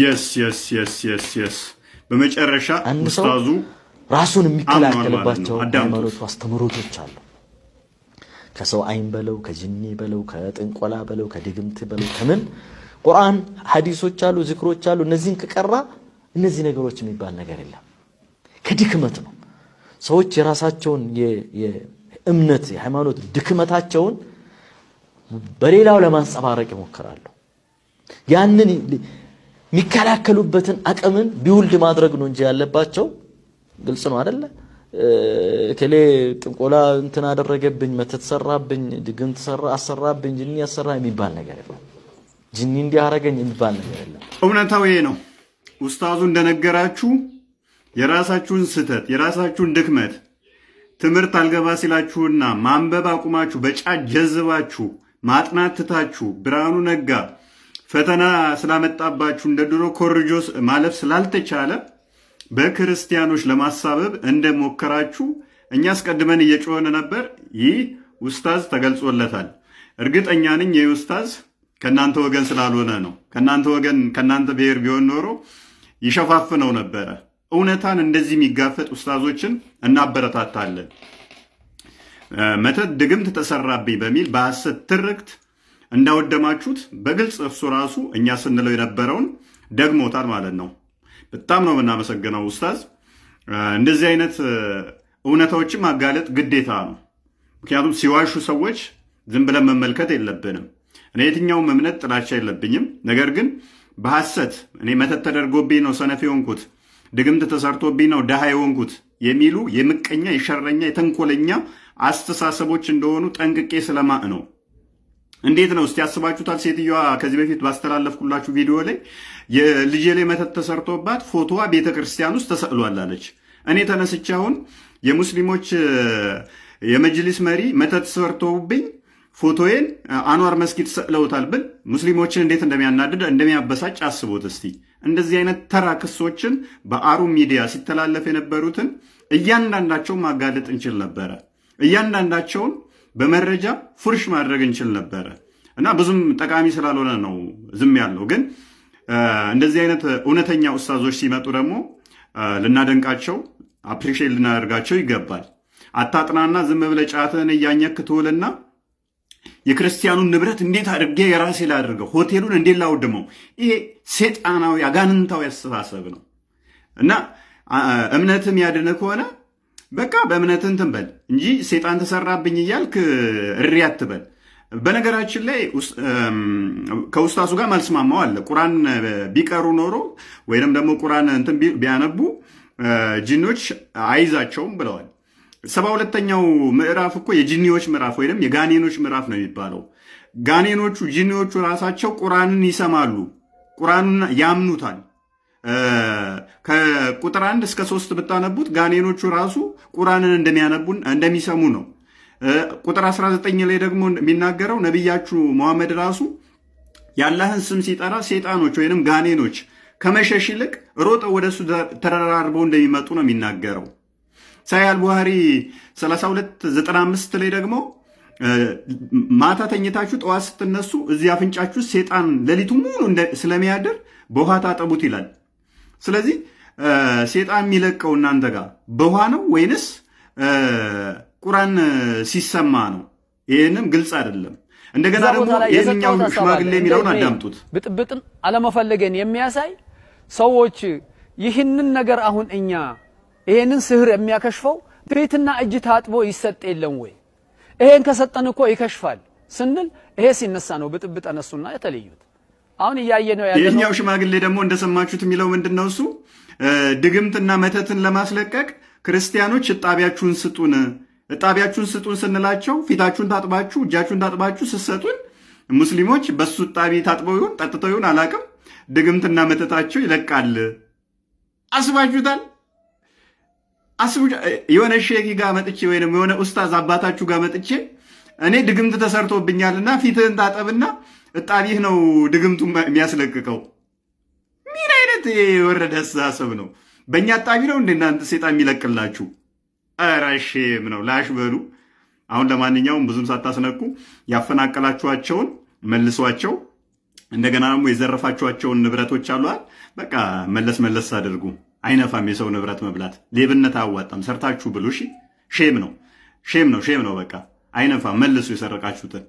የስ የስ የስ የስ የስ በመጨረሻ ኡስታዙ ራሱን የሚከላከልባቸው ሃይማኖቱ አስተምሮቶች አሉ። ከሰው አይን በለው ከጅኒ በለው ከጥንቆላ በለው ከድግምት በለው ከምን ቁርአን፣ ሀዲሶች አሉ፣ ዝክሮች አሉ። እነዚህን ከቀራ እነዚህ ነገሮች የሚባል ነገር የለም። ከድክመት ነው። ሰዎች የራሳቸውን የእምነት የሃይማኖት ድክመታቸውን በሌላው ለማንጸባረቅ ይሞክራሉ። ያንን የሚከላከሉበትን አቅምን ቢውልድ ማድረግ ነው እንጂ ያለባቸው ግልጽ ነው አደለ? ከሌ ጥንቆላ እንትን አደረገብኝ፣ መተት ሰራብኝ፣ ተሰራ አሰራብኝ፣ ጅኒ አሰራ የሚባል ነገር የለም። ጅኒ እንዲህ አረገኝ የሚባል ነገር የለም። እውነታው ይሄ ነው። ኡስታዙ እንደነገራችሁ የራሳችሁን ስህተት የራሳችሁን ድክመት ትምህርት አልገባ ሲላችሁና ማንበብ አቁማችሁ በጫት ጀዝባችሁ ማጥናት ትታችሁ ብርሃኑ ነጋ ፈተና ስላመጣባችሁ እንደ ድሮ ኮርጆስ ማለፍ ስላልተቻለ በክርስቲያኖች ለማሳበብ እንደሞከራችሁ እኛ አስቀድመን እየጮህን ነበር። ይህ ውስታዝ ተገልጾለታል። እርግጠኛ ነኝ ይህ ውስታዝ ከእናንተ ወገን ስላልሆነ ነው። ከእናንተ ወገን ከእናንተ ብሔር ቢሆን ኖሮ ይሸፋፍነው ነበረ። እውነታን እንደዚህ የሚጋፈጥ ውስታዞችን እናበረታታለን። መተት ድግምት ተሰራብኝ በሚል በሐሰት ትርክት እንዳወደማችሁት በግልጽ እርሱ ራሱ እኛ ስንለው የነበረውን ደግሞታል ማለት ነው። በጣም ነው የምናመሰግነው ኡስታዝ። እንደዚህ አይነት እውነታዎችን ማጋለጥ ግዴታ ነው። ምክንያቱም ሲዋሹ ሰዎች ዝም ብለን መመልከት የለብንም። እኔ የትኛውም እምነት ጥላቻ የለብኝም። ነገር ግን በሐሰት እኔ መተት ተደርጎብኝ ነው ሰነፍ የሆንኩት፣ ድግምት ተሰርቶብኝ ነው ድሃ የሆንኩት የሚሉ የምቀኛ የሸረኛ የተንኮለኛ አስተሳሰቦች እንደሆኑ ጠንቅቄ ስለማቅ ነው እንዴት ነው እስቲ አስባችሁታል? ሴትዮዋ ከዚህ በፊት ባስተላለፍኩላችሁ ቪዲዮ ላይ የልጄ ላይ መተት ተሰርቶባት ፎቶዋ ቤተ ክርስቲያን ውስጥ ተሰቅሏል አለች። እኔ ተነስቼ አሁን የሙስሊሞች የመጅሊስ መሪ መተት ሰርተውብኝ ፎቶዬን አኗር መስጊድ ሰቅለውታል ብል ሙስሊሞችን እንዴት እንደሚያናድድ እንደሚያበሳጭ አስቦት እስቲ። እንደዚህ አይነት ተራ ክሶችን በአሩ ሚዲያ ሲተላለፍ የነበሩትን እያንዳንዳቸውን ማጋለጥ እንችል ነበረ እያንዳንዳቸውን በመረጃ ፉርሽ ማድረግ እንችል ነበረ እና ብዙም ጠቃሚ ስላልሆነ ነው ዝም ያለው። ግን እንደዚህ አይነት እውነተኛ ኡስታዞች ሲመጡ ደግሞ ልናደንቃቸው፣ አፕሪሼት ልናደርጋቸው ይገባል። አታጥናና ዝም ብለህ ጫትህን እያኘክ ትውልና የክርስቲያኑን ንብረት እንዴት አድርጌ የራሴ ላድርገው፣ ሆቴሉን እንዴት ላውድመው፣ ይሄ ሴጣናዊ አጋንንታዊ አስተሳሰብ ነው እና እምነትም ያድን ከሆነ በቃ በእምነትህ እንትን በል እንጂ ሴጣን ተሰራብኝ እያልክ እሪ አትበል። በነገራችን ላይ ከውስታሱ ጋር መልስማማው አለ። ቁራን ቢቀሩ ኖሮ ወይም ደግሞ ቁራን እንትን ቢያነቡ ጂኒዎች አይዛቸውም ብለዋል። ሰባ ሁለተኛው ምዕራፍ እኮ የጂኒዎች ምዕራፍ ወይም የጋኔኖች ምዕራፍ ነው የሚባለው። ጋኔኖቹ ጂኒዎቹ ራሳቸው ቁራንን ይሰማሉ፣ ቁራኑን ያምኑታል። ከቁጥር አንድ እስከ ሶስት ብታነቡት ጋኔኖቹ ራሱ ቁራንን እንደሚያነቡን እንደሚሰሙ ነው። ቁጥር 19 ላይ ደግሞ የሚናገረው ነቢያችሁ መሐመድ ራሱ ያላህን ስም ሲጠራ ሴጣኖች ወይንም ጋኔኖች ከመሸሽ ይልቅ ሮጠው ወደሱ ተደራርበው እንደሚመጡ ነው የሚናገረው። ሳሂህ አልቡኻሪ 3295 ላይ ደግሞ ማታ ተኝታችሁ ጠዋት ስትነሱ እዚህ አፍንጫችሁ ሴጣን ሌሊቱ ሙሉ ስለሚያድር በውሃ ታጠቡት ይላል። ስለዚህ ሴጣን የሚለቀው እናንተ ጋር በውሃ ነው ወይንስ ቁራን ሲሰማ ነው? ይህንም ግልጽ አይደለም። እንደገና ደግሞ የኛው ሽማግሌ የሚለውን አዳምጡት። ብጥብጥን አለመፈለገን የሚያሳይ ሰዎች ይህንን ነገር አሁን እኛ ይሄንን ስህር የሚያከሽፈው ፊትና እጅ ታጥቦ ይሰጥ የለም ወይ? ይሄን ከሰጠን እኮ ይከሽፋል ስንል ይሄ ሲነሳ ነው ብጥብጥ እነሱና የተለዩት አሁን እያየ ነው ያለ። ይህኛው ሽማግሌ ደግሞ እንደሰማችሁት የሚለው ምንድን ነው? እሱ ድግምትና መተትን ለማስለቀቅ ክርስቲያኖች እጣቢያችሁን ስጡን፣ እጣቢያችሁን ስጡን ስንላቸው ፊታችሁን ታጥባችሁ እጃችሁን ታጥባችሁ ስትሰጡን፣ ሙስሊሞች በሱ እጣቢ ታጥበው ይሁን ጠጥተው ይሁን አላቅም፣ ድግምትና መተታቸው ይለቃል። አስባችሁታል? የሆነ ሼኪ ጋር መጥቼ ወይም የሆነ ኡስታዝ አባታችሁ ጋር መጥቼ እኔ ድግምት ተሰርቶብኛልና ፊትህን ታጠብና እጣቢህ ነው ድግምቱ የሚያስለቅቀው። ምን አይነት የወረደ አስተሳሰብ ነው? በእኛ እጣቢ ነው እንደ እናንተ የሚለቅላችሁ? ኧረ ሼም ነው ላሽ በሉ። አሁን ለማንኛውም ብዙም ሳታስነቁ ያፈናቀላችኋቸውን መልሷቸው። እንደገና ደግሞ የዘረፋችኋቸውን ንብረቶች አሏል። በቃ መለስ መለስ አድርጉ። አይነፋም የሰው ንብረት መብላት፣ ሌብነት አያዋጣም። ሰርታችሁ ብሉ። ሼም ነው ሼም ነው ሼም ነው። በቃ አይነፋም። መልሱ የሰረቃችሁትን